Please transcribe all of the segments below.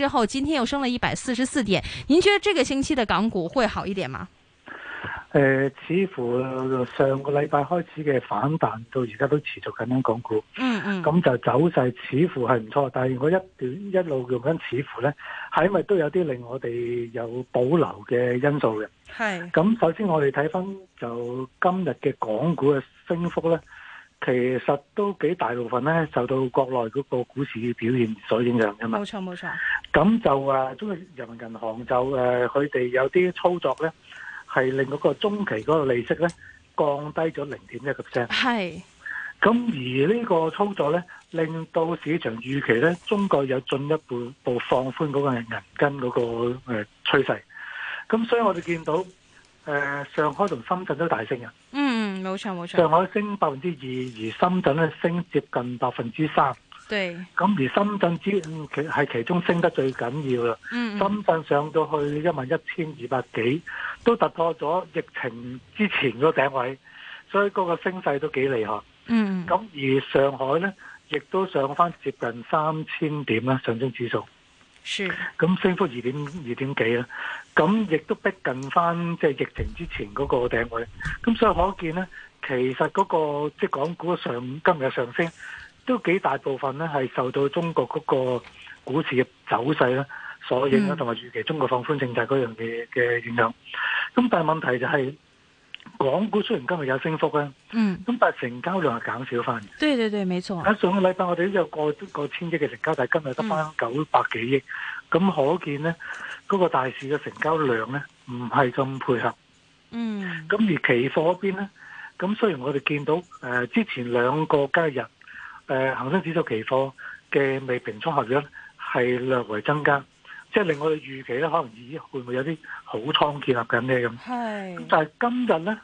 之後，今天又升了一百四十四點。您覺得這個星期的港股會好一點嗎？誒、呃，似乎上個禮拜開始嘅反彈到而家都持續緊樣港股，嗯嗯，咁、嗯、就走勢似乎係唔錯。但係如果一段一路用緊似乎呢係咪都有啲令我哋有保留嘅因素嘅？係是。咁首先我哋睇返就今日嘅港股嘅升幅呢。其實都幾大部分咧，受到國內嗰個股市嘅表現所影響噶嘛。冇錯冇錯，咁就、啊、中國人民銀行就誒，佢、呃、哋有啲操作咧，係令嗰個中期嗰個利息咧降低咗零點一個 percent。係，咁是而呢個操作咧，令到市場預期咧，中國有進一步步放寬嗰個銀根嗰、嗰個誒趨勢。咁、呃、所以我哋見到誒、呃，上海同深圳都大升冇錯冇錯，上海升百分之二，而深圳咧升接近百分之三。對，咁而深圳之其係其中升得最緊要啦。嗯，嗯，深圳上到去一萬一千二百幾，都突破咗疫情之前嗰個頂位，所以嗰個升勢都幾厲害。嗯，咁而上海咧，亦都上翻接近三千點啦，上證指數。咁是升幅二點二點幾啦，咁亦都逼近翻即係疫情之前嗰個頂位，咁所以可見呢，其實嗰個即係港股上今日上升，都幾大部分呢係受到中國嗰個股市嘅走勢啦所影響，同埋預期中國放寬政策嗰樣嘢嘅影響，咁但係問題就係。港股雖然今日有升幅啊，咁、嗯、但係成交量係減少翻。對對對，冇錯。喺上個禮拜我哋都有過過千億嘅成交，但係今日得翻九百幾億，咁、嗯、可見咧、嗰個大市嘅成交量咧唔係咁配合。嗯。咁而期貨嗰邊咧，咁雖然我哋見到誒、呃、之前兩個交易日誒恒生指數期貨嘅未平倉合約咧係略為增加。即係令我哋預期咧，可能咦會唔會有啲好倉建立緊嘅。咁？係。咁但係今日咧，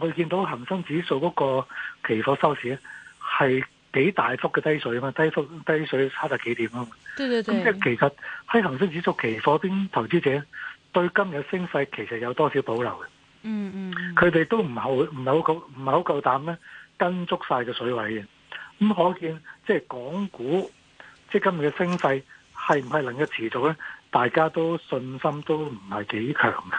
我哋見到恒生指數嗰個期貨收市咧，係幾大幅嘅低水啊嘛，低幅低水差大幾點啊嘛。對對對。咁即其實喺恒生指數期貨邊投資者對今日升勢其實有多少保留嘅。嗯嗯。佢哋都唔好唔係好夠唔係好夠膽咧跟足曬個水位嘅。咁可見即係港股即係今日嘅升勢，係唔係能夠持續呢？大家都信心都唔係幾強嘅。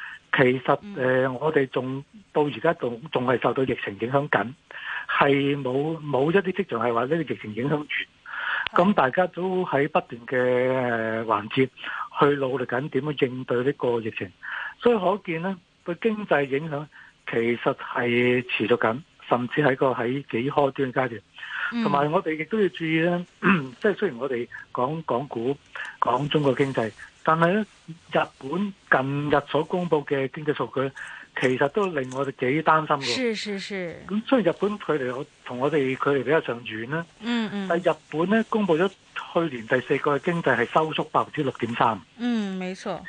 其實誒、呃，我哋仲到而家仲仲係受到疫情影響緊，係冇冇一啲跡象係話呢個疫情影響住。咁大家都喺不斷嘅環節去努力緊點樣應對呢個疫情，所以可見咧，對經濟影響其實係持續緊，甚至係個喺幾開端嘅階段。同埋，我哋亦都要注意咧，即係雖然我哋講港股、講中國經濟。但係咧，日本近日所公布嘅經濟數據，其實都令我哋幾擔心嘅。是是是。咁雖然日本距離我同我哋距離比較上遠啦，嗯嗯，但日本咧公布咗去年第四季嘅經濟係收縮百分之六點三。嗯，沒錯。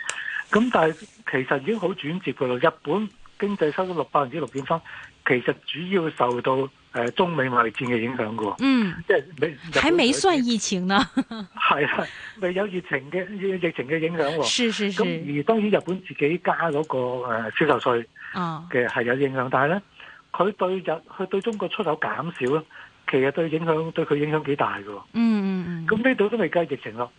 咁但係其實已經好轉折噶啦，日本經濟收縮六百分之六點三，其實主要受到。誒，中美貿易戰嘅影響喎，嗯，即係未，還未算疫情呢？係 啊，未有疫情嘅疫情嘅影響喎。是是是。咁而當然日本自己加嗰個銷售稅，其實係有影響，哦、但係咧，佢對日佢對中國出口減少啦，其實對影響對佢影響幾大嘅。嗯嗯嗯。咁呢度都未計疫情咯。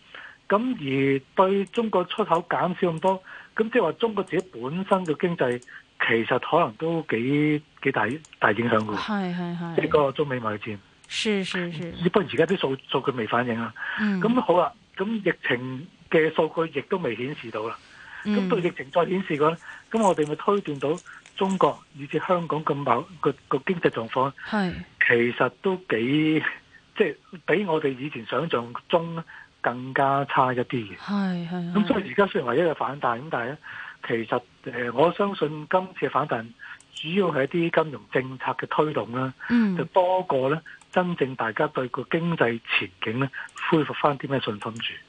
咁而對中國出口減少咁多。咁即係話中國自己本身嘅經濟，其實可能都幾幾大大影響嘅。係係係，即係個中美貿易戰。是是是。只不過而家啲數數據未反映啦。嗯。咁好啦，咁疫情嘅數據亦都未顯示到啦。咁對疫情再顯示過咧，咁、嗯、我哋咪推斷到中國以至香港咁爆個個經濟狀況，係是是 其實都幾即係、就是、比我哋以前想象中，更加差一啲嘅，係係咁，所以而家雖然唯一嘅反彈，咁但係咧，其實誒、呃，我相信今次嘅反彈主要係一啲金融政策嘅推動啦，嗯、就多過咧真正大家對個經濟前景咧恢復翻啲咩信心住。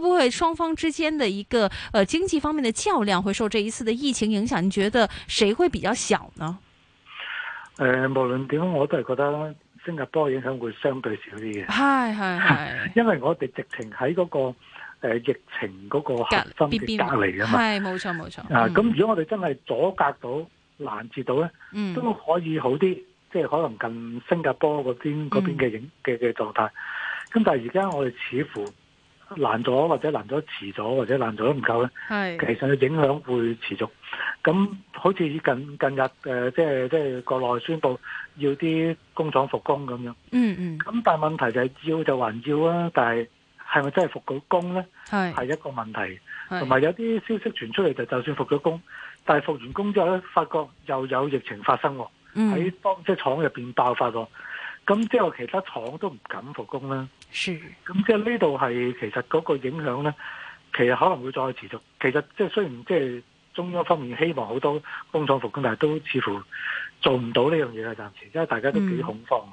會不會，雙方之間嘅一個，呃，經濟方面嘅較量會受這一次嘅疫情影響，你覺得誰會比較小呢？誒、呃，無論點樣，我都係覺得新加坡影響會相對少啲嘅。係係係，哎哎、 因為我哋直情喺嗰個，誒、呃，疫情嗰個核心隔離啊嘛。係、哎，冇錯冇錯。冇錯啊，咁、嗯、如果我哋真係阻隔到、攔截到咧，都可以好啲，嗯、即係可能近新加坡嗰邊、嗯、那邊嘅影嘅嘅狀態。咁但係而家我哋似乎。難咗或者難咗遲咗或者難咗都唔夠咧，係是其實嘅影響會持續。咁好似近近日、呃、即係即係國內宣布要啲工廠復工咁樣。嗯嗯。咁但係問題就係要就還要啦，但係係咪真係復咗工咧？係是一個問題。同埋是有啲消息傳出嚟就就算復咗工，但係復完工之後咧，發覺又有疫情發生喎，喺、嗯、當即係廠入面爆發喎。咁之後其他廠都唔敢復工啦。是。咁即係呢度係其實嗰個影響咧，其實可能會再持續。其實即係雖然即係中央方面希望好多工廠復工，但係都似乎做唔到呢樣嘢係暫時，因為大家都幾恐慌。嗯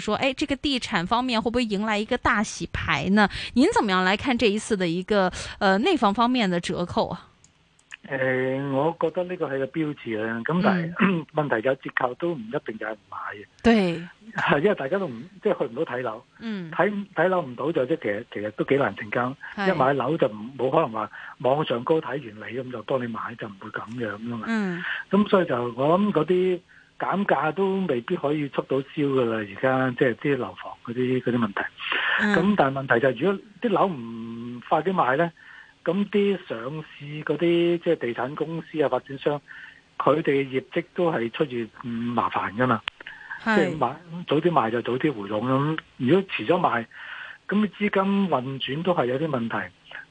說誒、哎，這個地產方面會不會迎來一個大洗牌呢？您怎麼樣來看這一次的一個，呃，內房方，方面的折扣啊？誒、呃，我覺得呢個係個標誌啊。咁但係、嗯、問題有、就是、折扣都唔一定有人買嘅。對，因為大家都唔即係去唔到睇樓，嗯，睇睇樓唔到就即係其實其實都幾難成交。是一買樓就冇可能話網上高睇完你咁就幫你買，就唔會咁樣噶嘛。嗯，咁所以就我諗嗰啲。減價都未必可以促到銷㗎啦，而家即係啲樓房嗰啲嗰啲問題。咁但係問題就係，如果啲樓唔快啲賣呢，咁啲上市嗰啲即係地產公司啊、發展商，佢哋嘅業績都係出現麻煩㗎嘛。是即係買早啲賣就早啲回籠咁，如果遲咗賣，咁啲資金運轉都係有啲問題。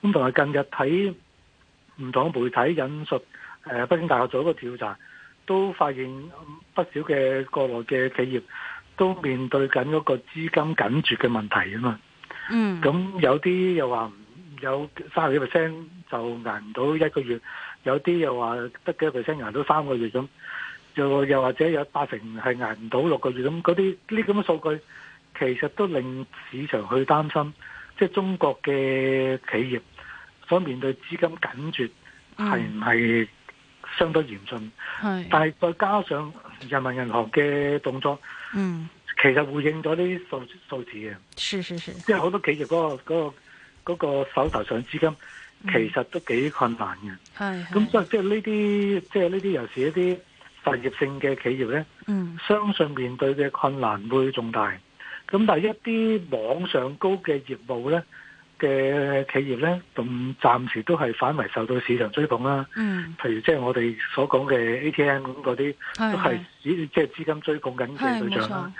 咁同埋近日睇唔同媒體引述，呃，北京大學做一個調查。都發現不少嘅國內嘅企業都面對緊嗰個資金緊絕嘅問題啊嘛，嗯、mm.，咁有啲又話有三十幾 percent 就捱唔到一個月，有啲又話得幾 percent 捱到三個月咁，又又或者有八成係捱唔到六個月咁，嗰啲呢咁嘅數據其實都令市場去擔心，即係中國嘅企業所面對資金緊絕係唔係？相對嚴峻，係是，但係再加上人民銀行嘅動作，嗯，其實回應咗啲數數字嘅，是是是，即係好多企業嗰、嗰個嗰是、嗰個嗰個、手頭上資金其實都幾困難嘅，係、嗯，咁所以即係呢啲即係呢啲尤其是啲尤其是一啲實業性嘅企業咧，嗯，相信面對嘅困難會重大，咁但係一啲網上高嘅業務咧。嘅企業咧，咁暫時都係反為受到市場追捧啦。嗯，譬如即係我哋所講嘅 ATM 嗰啲，是的都係即係資金追捧緊嘅對象啦。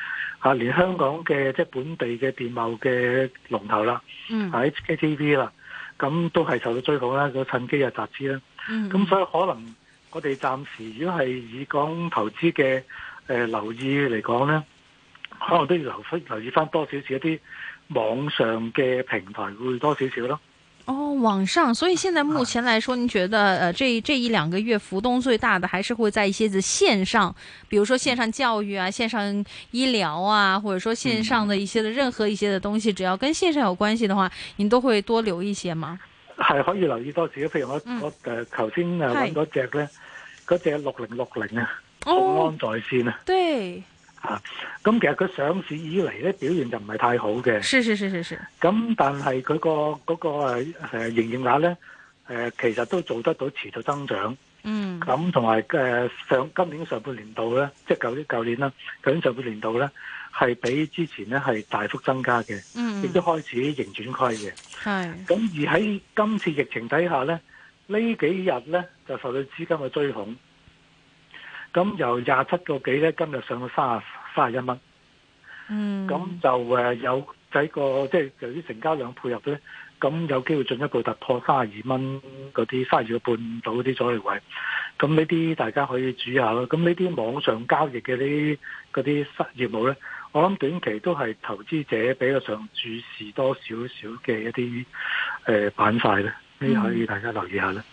嚇、啊，連香港嘅、嗯、即係本地嘅電貿嘅龍頭啦，喺、嗯、HKTV 啦，咁都係受到追捧啦，就趁機入集資啦。咁、嗯、所以可能我哋暫時如果係以講投資嘅誒、呃、留意嚟講咧，的可能都要留留意翻多少少一啲。網上嘅平台會多少少咯。哦，網上，所以現在目前來說，您是覺得，誒、呃，這這一兩個月浮動最大的，還是會在一些嘅線上，比如說線上教育啊，線上醫療啊，或者說線上的一些的任何一些的東西，嗯、只要跟線上有關係的話，您都會多留一些嗎？係可以留意多少少，譬如我、嗯、我誒，頭先誒搵嗰隻咧，嗰隻六零六零啊，眾安在線啊，對。啊，咁其實佢上市以嚟咧表現就唔係太好嘅。係係係係係，是、那個。咁但係佢個嗰、那個誒誒營業額咧，誒、呃呃、其實都做得到持續增長。嗯，還有。咁同埋誒上今年上半年度咧，即係舊年舊年啦，舊年上半年度咧係比之前咧係大幅增加嘅。嗯。亦都開始盈轉虧嘅。係。咁而喺今次疫情底下咧，的這幾天呢幾日咧就受到資金嘅追捧。咁由廿七個幾咧，今日上到三啊三啊一蚊，嗯，咁就有喺個即係、就是、由於成交量配合咧，咁有機會進一步突破三十二蚊嗰啲三二個半到嗰啲阻力位，咁呢啲大家可以注下啦。咁呢啲網上交易嘅呢嗰啲室業務咧，我諗短期都係投資者比較上注視多少少嘅一啲呃板塊咧，呢、呃、啲可以大家留意下咧。嗯。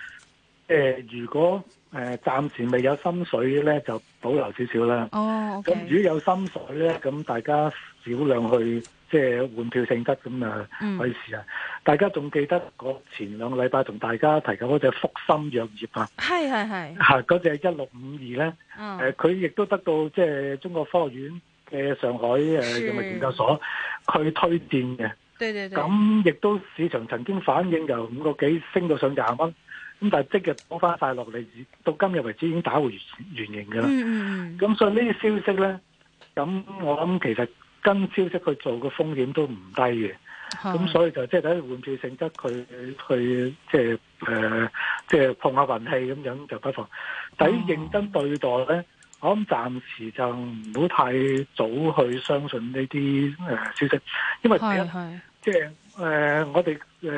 即、呃、如果誒暫、呃、時未有心水咧，就保留少少啦。哦，咁如果有心水咧，咁大家少量去即係換票性質咁啊，可以試下。嗯嗯、大家仲記得我前兩個禮拜同大家提及嗰隻福森藥業啊？係係係吓，嗰隻一六五二咧，誒、嗯，佢亦都得到即係、就是、中國科學院嘅上海誒藥物研究所佢推薦嘅。對對對，咁亦都市場曾經反映由五個幾升到上廿蚊。咁但係即日攞翻晒落嚟，到今日為止已經打回原形㗎啦。咁 所以呢啲消息咧，咁我諗其實跟消息去做嘅風險都唔低嘅。咁的所以就即係睇換轉性質，佢佢即係誒、呃，即係碰下運氣咁樣就不妨。但係認真對待咧， 我諗暫時就唔好太早去相信呢啲消息，因為即係誒的、呃、我哋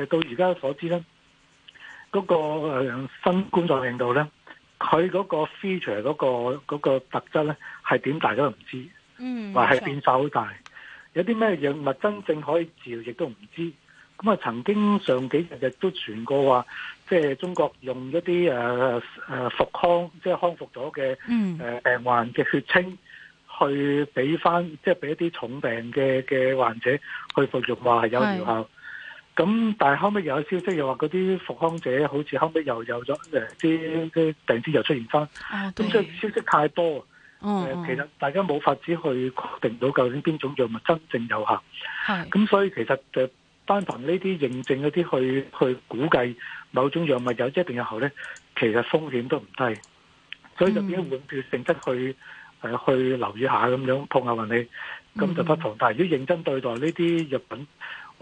到而家所知咧。嗰、那個、呃、新冠狀領導咧，佢嗰個 feature 嗰、那個嗰、那個特質咧係點，大家都唔知，話係、嗯、變化好大，有啲咩藥物真正可以治療，亦都唔知。咁啊、嗯，曾經上幾日日都傳過話，即、就、係、是、中國用一啲誒誒復康，即、就、係、是、康復咗嘅、嗯呃、病患嘅血清去，去俾翻，即係俾一啲重病嘅嘅患者去服用，話係有療效。咁但係後尾又有消息，又話嗰啲復康者好似後尾又有咗誒，啲啲病徵又出現翻，咁所以消息太多，誒，其實大家冇法子去確定到究竟邊種藥物真正有效。係咁，所以其實誒，就單憑呢啲認證嗰啲去去估計某種藥物有一定有效呢，其實風險都唔低，所以就變咗換掉性質去誒去留意下咁樣碰下運氣，咁就不同。但係如果認真對待呢啲藥品。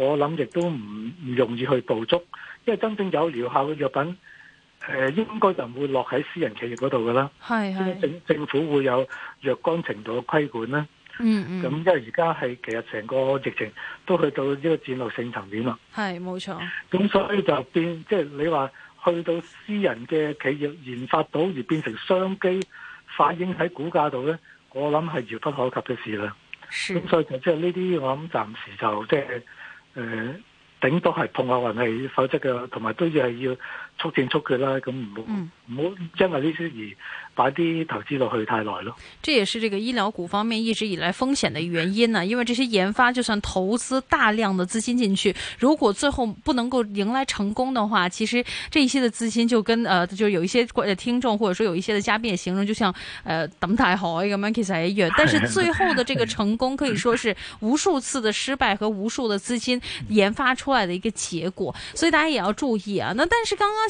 我諗亦都唔唔容易去捕捉，因為真正有療效嘅藥品，誒、呃，應該就唔會落喺私人企業嗰度噶啦。係係政政府會有若干程度嘅規管啦。嗯咁、嗯、因為而家係其實成個疫情都去到呢個戰略性層面啦。係，冇錯。咁所以就變即係、就是、你話去到私人嘅企業研發到而變成商機，反映喺股價度咧，我諗係遙不可及嘅事啦。咁係。所以就即係呢啲，我諗暫時就即係。就是誒，頂多係碰下運氣，否則嘅同埋都要係要。促正促嘅啦，咁唔好唔好因為呢啲而擺啲投資落去太耐咯。這也是這個醫療股方面一直以來風險的原因啊！因為這些研發就算投資大量的資金進去，如果最後不能夠迎來成功的話，其實這一些的資金就跟，呃，就有一些聽眾或者說有一些的嘉賓也形容，就像，呃，太好一個 monkey 一樣，但是最後的這個成功可以說是無數次的失敗和無數的資金研發出來的一個結果，所以大家也要注意啊！那但是剛剛。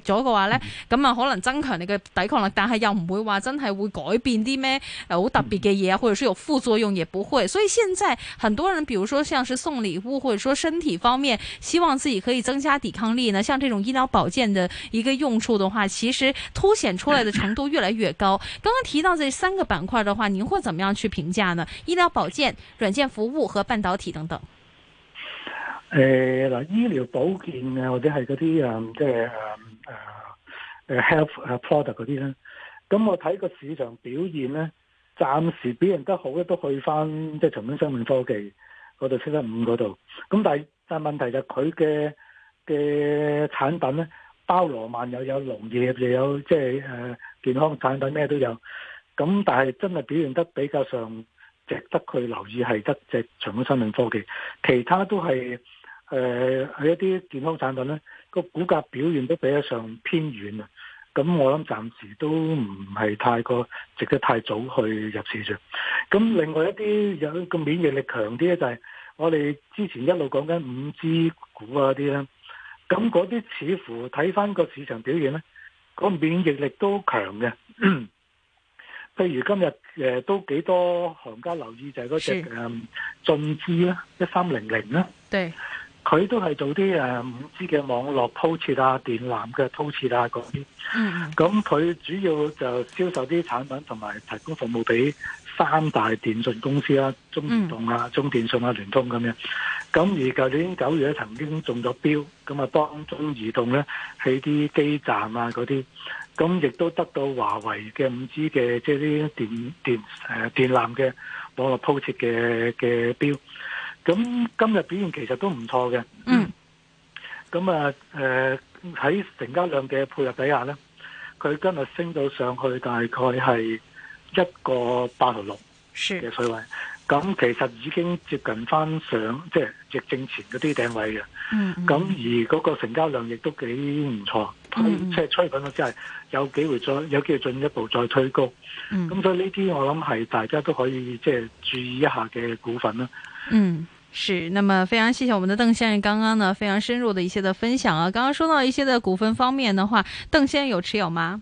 咗嘅話呢，咁啊可能增強你嘅抵抗力，但係又唔會話真係會改變啲咩好特別嘅嘢，或者是有副作用也不會。所以現在很多人，比如說像是送禮物，或者說身體方面希望自己可以增加抵抗力呢，像這種醫療保健的一個用處的話，其實凸顯出來的程度越來越高。 剛剛提到這三個板塊的話，您會怎麼樣去評價呢？醫療保健、軟件服務和半導體等等。誒，嗱，醫療保健啊，或者係嗰啲誒，即係誒。誒 health product 嗰啲咧，咁我睇個市場表現咧，暫時表現得好咧，都去翻即係長江生命科技嗰度七一五嗰度。咁但係但係問題就佢嘅嘅產品咧，包羅萬有，有農業又有即係，誒、健康產品咩都有。咁但係真係表現得比較上值得佢留意係得只長江生命科技，其他都係誒係一啲健康產品咧，個股價表現都比得上偏遠啊！咁我諗暫時都唔係太過值得太早去入市啫。咁另外一啲有個免疫力強啲咧，就係我哋之前一路講緊五 G 股啊啲咧。咁嗰啲似乎睇翻個市場表現咧，個免疫力都強嘅。譬如今日誒都幾多行家留意就係嗰隻誒中資啦，一三零零啦。對。佢都係做啲誒五 G 嘅網絡鋪設啊、電纜嘅鋪設啊嗰啲，咁佢主要就銷售啲產品同埋提供服務俾三大電信公司啦，中移動啊、中電信啊、聯通咁樣。咁而舊年九月咧曾經中咗標，咁啊當中移動咧喺啲基站啊嗰啲，咁亦都得到華為嘅五 G 嘅即係啲電電誒電纜嘅網絡鋪設嘅嘅標。咁今日表現其實都唔錯嘅，嗯、咁啊誒喺成交量嘅配合底下咧，佢今日升到上去大概係一個八毫六嘅水位，咁是其實已經接近翻上即係直正前嗰啲頂位嘅，咁、嗯嗯、而嗰個成交量亦都幾唔錯。即係吹品咗之後有機會再有機會進一步再推高。咁、嗯、所以呢啲我諗係大家都可以即係注意一下嘅股份啦、啊。嗯，是。那麼非常謝謝我們的鄧先生剛剛，剛剛呢非常深入的一些的分享啊。剛剛說到一些的股份方面的話，鄧先生有持有嗎？